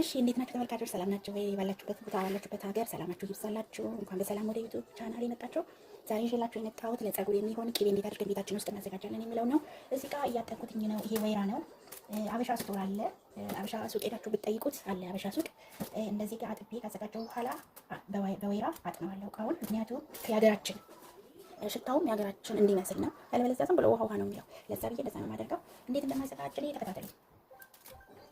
እሺ እንዴት ናችሁ ተመልካቾች? ሰላም ናችሁ ወይ? ባላችሁበት ቦታ ባላችሁበት ሀገር ሰላማችሁ ይብዛላችሁ። እንኳን በሰላም ወደ ዩቱብ ቻናል የመጣችሁ። ዛሬ ይዤላችሁ የመጣሁት ለጸጉር የሚሆን ቅቤ እንዴት አድርገን ቤታችን ውስጥ እናዘጋጃለን የሚለው ነው። እዚህ ጋር እያጠንኩትኝ ነው። ይሄ ወይራ ነው። አበሻ ሱቅ አለ። አበሻ ሱቅ ሄዳችሁ ብትጠይቁት አለ አበሻ ሱቅ። እንደዚህ ጋር አጥቤ ካዘጋጀው በኋላ በወይራ አጥነዋለሁ እቃውን፣ ምክንያቱም የሀገራችን ሽታውም የሀገራችን እንዲመስል ነው። ያለበለዚያ ዝም ብሎ ውሃ ውሃ ነው የሚለው። ለዛ ብዬ ለዛ ነው የማደርገው። እንዴት እንደማዘጋጀ ላይ ተከታተሉ።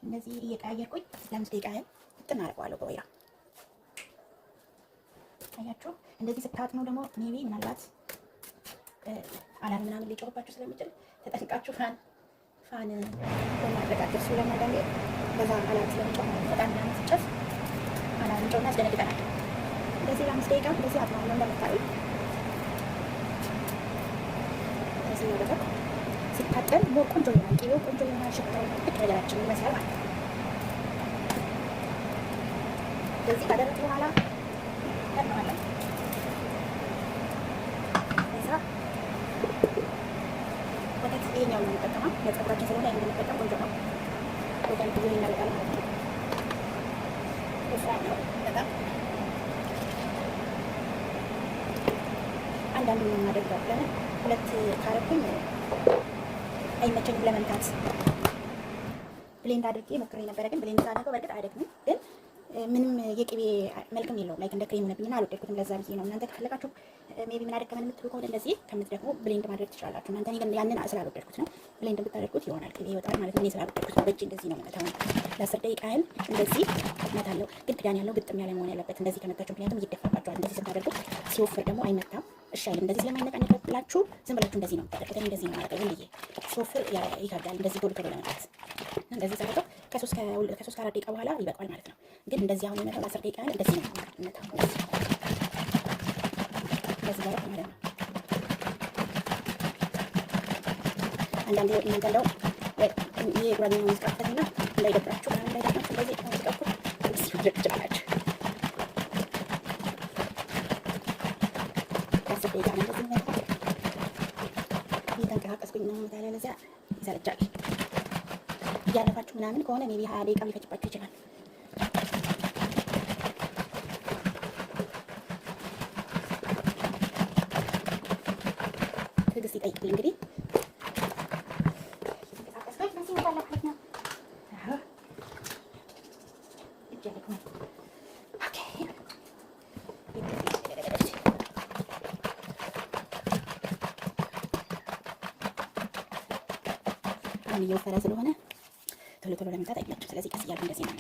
እንደዚህ እየቀያየርኩኝ ለአምስት ደቂቃ ያህል ጥን አደርገዋለሁ በወይራ ታያችሁ። እንደዚህ ስታጥኑ ደግሞ ሜቢ ምናልባት አላም ምናምን ሊጮርባችሁ ስለሚችል ተጠንቃችሁ ፋን ፋን በማድረጋችሁ እሱ ለማዳሜ በዛ አላም ስለሚጮር በጣም ምናምን ስጨስ አላም ጮና ያስደነግጠናል። እንደዚህ ለአምስት ደቂቃ እንደዚህ አጥናው ነው እንደምታዩ እዚህ ነው ሲያቃጥል ቆንጆ ይሆናል። ቅቤው ቆንጆ ይሆናል። ሽታ ጥቅ ነገራችን ይመስላል ማለት ነው። በዚህ ካደረግ በኋላ ቀነዋለን። እዛ ወተት ይሄኛው ነው የሚጠቀመው ለጸጉራችን ስለሆነ ይሄን ቆንጆ ነው። ኦርጋኒክ ቢሆን ይመረጣል ማለት ነው። ወፍራም ነው በጣም አንዳንድ የምናደርገው ለምን ሁለት ካረኩኝ አይመቸኝም ለመምታት። ብሌንድ አድርጌ ሞክሬ ነበረ፣ ግን ብሌንድ ሳደርገው በእርግጥ አይደግምም፣ ግን ምንም የቅቤ መልክም የለውም። ላይክ እንደ ክሬም ሆነብኝና አልወደድኩትም። ለዛ ብዬ ነው። እናንተ ከፈለጋችሁ ሜቢ ምን አደከመን የምትሉ ከሆነ እንደዚህ ከምትደግሙ ብሌንድ ማድረግ ትችላላችሁ። እናንተ ግን ያንን ስላልወደድኩት ነው። ብሌንድ ብታደርጉት ይሆናል ቅቤ ይወጣል ማለት ነው። እኔ ስላልወደድኩት ነው። በእጄ እንደዚህ ነው መታው። ለአስር ደቂቃ ያህል እንደዚህ መታለው፣ ግን ክዳን ያለው ግጥም ያለ መሆን ያለበት እንደዚህ ከመታችሁ፣ ምክንያቱም ይደፋባችኋል። እንደዚህ ስታደርጉት ሲወፍር ደግሞ አይመታም። አይሻልም። እንደዚህ ስለማይነቃነቅላችሁ ዝም ብላችሁ እንደዚህ ነው ተጠቅተን እንደዚህ ነው ማለት ነው። ሶፍር ይከብዳል። እንደዚህ ቶሎ ቶሎ ለመጣት እንደዚህ ሳደርገው ከሶስት ከሶስት ከአራት ደቂቃ በኋላ ይበቃል ማለት ነው። ግን እንደዚህ አሁን ይመጣል። አስር ደቂቃ ያህል እንደዚህ ነው ነታው እንደዚህ ጋር ማለት ነው። አንዳንዴ እናንተ እንደው ይሄ ጉራጌኛ ሙዚቃ ፈትና እንዳይደብራችሁ እንዳይደብራችሁ እንደዚህ ሙዚቃ እኮ ሲያደርግ ይችላል። እየቀረጽኩኝ ነው። ዛሬ ለዚያ ይሰለቻል። እያለፋችሁ ምናምን ከሆነ ሜቢ ሀያ ደቂቃ ሊፈጅባችሁ ይችላል። ትዕግስት ይጠይቃል እንግዲህ እየተንቀሳቀስኩኝ በጣም እየወፈረ ስለሆነ ቶሎ ቶሎ ለመምታት አይላችሁ። ስለዚህ ቀስ እያሉ እንደዚህ ነው፣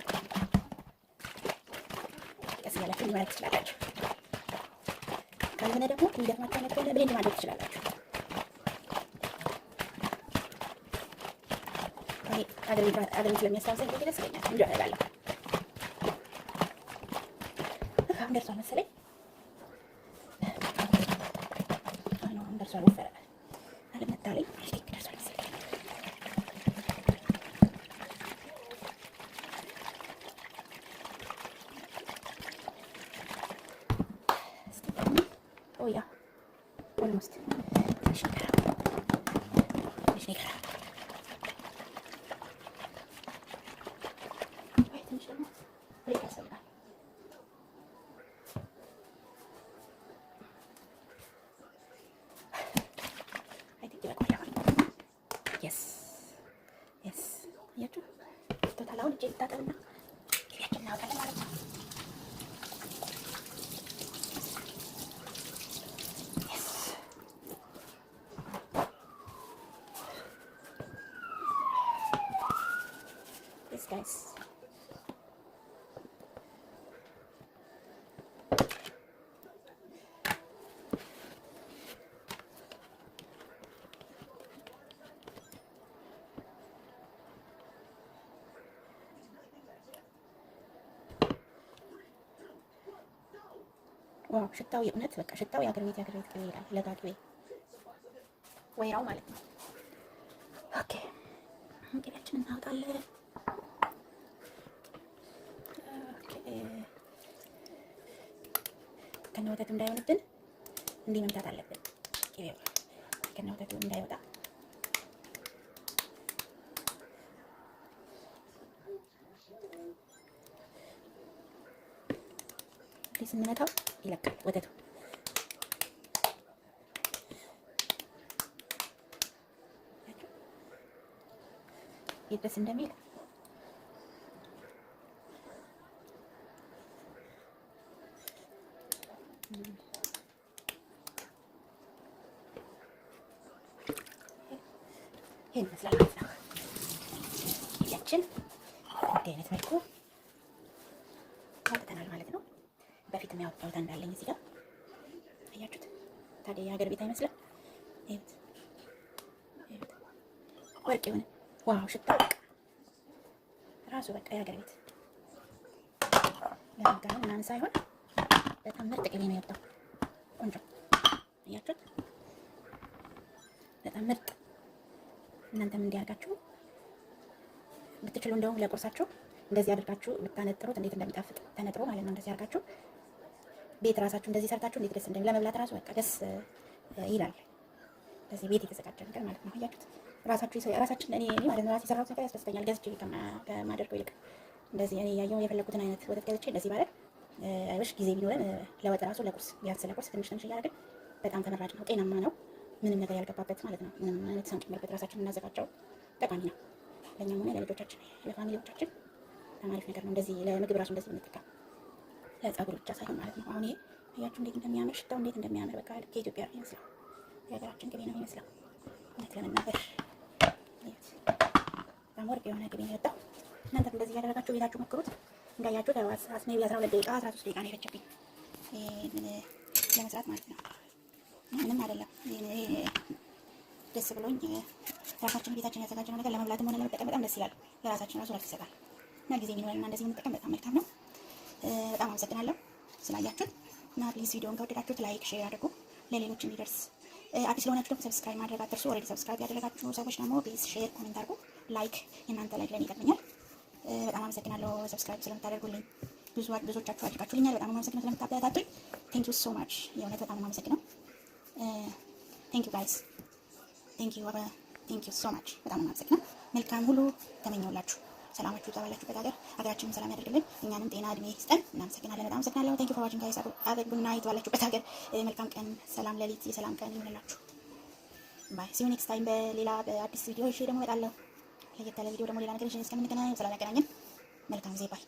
ቀስ እያላችሁ ሊመረት ትችላላችሁ። ካልሆነ ደግሞ የሚደክማችሁ አይነት ከሆነ ብሌንድ ማድረግ ትችላላችሁ። አገሬን ስለሚያስታውሰኝ ደስ ይለኛል። እንዲ ያደርጋለሁ። አሁን ደርሷል መሰለኝ። አሁን ደርሷል፣ ወፈረ አለመታለኝ 진짜된다이렇게나오다가말이죠예스예스 guys. ነው። ሽታው የእውነት በቃ ሽታው የአገር ቤት የአገር ቤት ቅቤ ይላል። ለጋ ቅቤ ወይራው ማለት ነው። ኦኬ ቅቤያችን እናወጣለን። ከነ ወተቱ እንዳይሆንብን እንዲህ መምታት አለብን። ቅቤው ከነ ወተቱ እንዳይወጣ ስንመታው ይለቃል ወተቱ። ይደስ እንደሚል ይሄን መስላል። ይችን እንዲህ አይነት መልኩ ገጥሚያ አውጥታ እንዳለኝ እዚህ ጋር አያችሁት። ታዲያ የሀገር ቤት አይመስልም? እዩት፣ እዩት። ወርቅ የሆነ ዋው ሽታ ራሱ በቃ የሀገር ቤት ለመጋኑ ምናምን ሳይሆን በጣም ምርጥ ቅቤ ነው የወጣው። ቆንጆ አያችሁት፣ በጣም ምርጥ። እናንተም እንዲያርጋችሁ ብትችሉ እንደውም ለቁርሳችሁ እንደዚህ አድርጋችሁ ብታነጥሩት እንዴት እንደሚጣፍጥ ተነጥሮ ማለት ነው። እንደዚህ አድርጋችሁ ቤት ራሳችሁ እንደዚህ ሰርታችሁ እንዴት ደስ እንደሚል ለመብላት ራሱ በቃ ደስ ይላል። በዚህ ቤት የተዘጋጀ ነገር ማለት ነው። አያችሁት? ራሳችሁ ይሰው ራሳችን እኔ እኔ ማለት ነው ራሴ የሰራሁት ነገር ያስደስተኛል። ገዝቼ ከማደርገው ይልቅ እንደዚህ እኔ ያየው የፈለኩትን አይነት ወተት ገዝቼ እንደዚህ ማለት አይበሽ ጊዜ ቢኖረን ለወጥ ራሱ ለቁርስ ቢያንስ ለቁርስ ትንሽ ትንሽ እያደረግን በጣም ተመራጭ ነው። ጤናማ ነው። ምንም ነገር ያልገባበት ማለት ነው። ምንም አይነት ሳንጨምርበት ራሳችን እናዘጋጀው ጠቃሚ ነው። ለእኛም ሆነ ለልጆቻችን፣ ለፋሚሊዎቻችን በጣም አሪፍ ነገር ነው። እንደዚህ ለምግብ ራሱ እንደዚህ ምንጠቀም ለጸጉር ብቻ ሳይሆን ማለት ነው። አሁን ይሄ አያችሁ እንዴት እንደሚያምር ሽታው እንዴት እንደሚያምር በቃ ከኢትዮጵያ ነው የሚመስለው፣ የሀገራችን ቅቤ ነው የሚመስለው። እውነት ለመናገር በጣም ወርቅ የሆነ ቅቤ ነው የወጣው። እናንተም እንደዚህ እያደረጋችሁ ቤታችሁ ሞክሩት። እንዳያችሁ ሜቢ አስራ ሁለት ደቂቃ አስራ ሶስት ደቂቃ ነው የፈጀብኝ ለመስራት ማለት ነው። ምንም አይደለም። ደስ ብሎኝ ራሳችን ቤታችን ያዘጋጀነው ነገር ለመብላትም ሆነ ለመጠቀም በጣም ደስ ይላል። ለራሳችን ራሱ ረፍት ይሰጣል እና ጊዜ ቢኖረን እና እንደዚህ የምንጠቀም በጣም መልካም ነው። በጣም አመሰግናለሁ ስላያችሁት እና ፕሊዝ ቪዲዮን ከወደዳችሁት ላይክ፣ ሼር አድርጉ ለሌሎች እንዲደርስ። አዲስ ለሆናችሁ ደግሞ ሰብስክራይብ ማድረግ አትርሱ። ኦልሬዲ ሰብስክራይብ ያደረጋችሁ ሰዎች ደግሞ ፕሊዝ ሼር፣ ኮሜንት አድርጉ። ላይክ እናንተ ላይክ ለኔ ይጠቅመኛል። በጣም አመሰግናለሁ ሰብስክራይብ ስለምታደርጉልኝ። ብዙ ብዙዎቻችሁ አድርጋችሁልኛል። በጣም አመሰግናለሁ ስለምታበረታቱኝ። ቴንክ ዩ ሶ ማች የእውነት በጣም አመሰግናለሁ። ቴንክ ዩ ጋይስ ቴንክ ዩ ቴንክ ዩ ሶ ማች በጣም አመሰግናለሁ። መልካም ሁሉ ተመኘውላችሁ። ሰላማችሁ ይብዛ ባላችሁበት ሀገር። ሀገራችንን ሰላም ያደርግልን፣ እኛንም ጤና እድሜ ይስጠን። እናመሰግናለን፣ በጣም አመሰግናለሁ። ታንኪ ፎር ዋችንግ ጋይስ። አገር ቡና ይት ባላችሁበት ሀገር መልካም ቀን፣ ሰላም ሌሊት፣ የሰላም ቀን ይሁንላችሁ። ባይ ሲዩ ኔክስት ታይም። በሌላ በአዲስ ቪዲዮ እሺ፣ ደግሞ እመጣለሁ። ለየት ያለ ቪዲዮ ደግሞ ሌላ ነገር እሺ፣ እስከምንገናኝ ሰላም ያገናኘን። መልካም ጊዜ። ባይ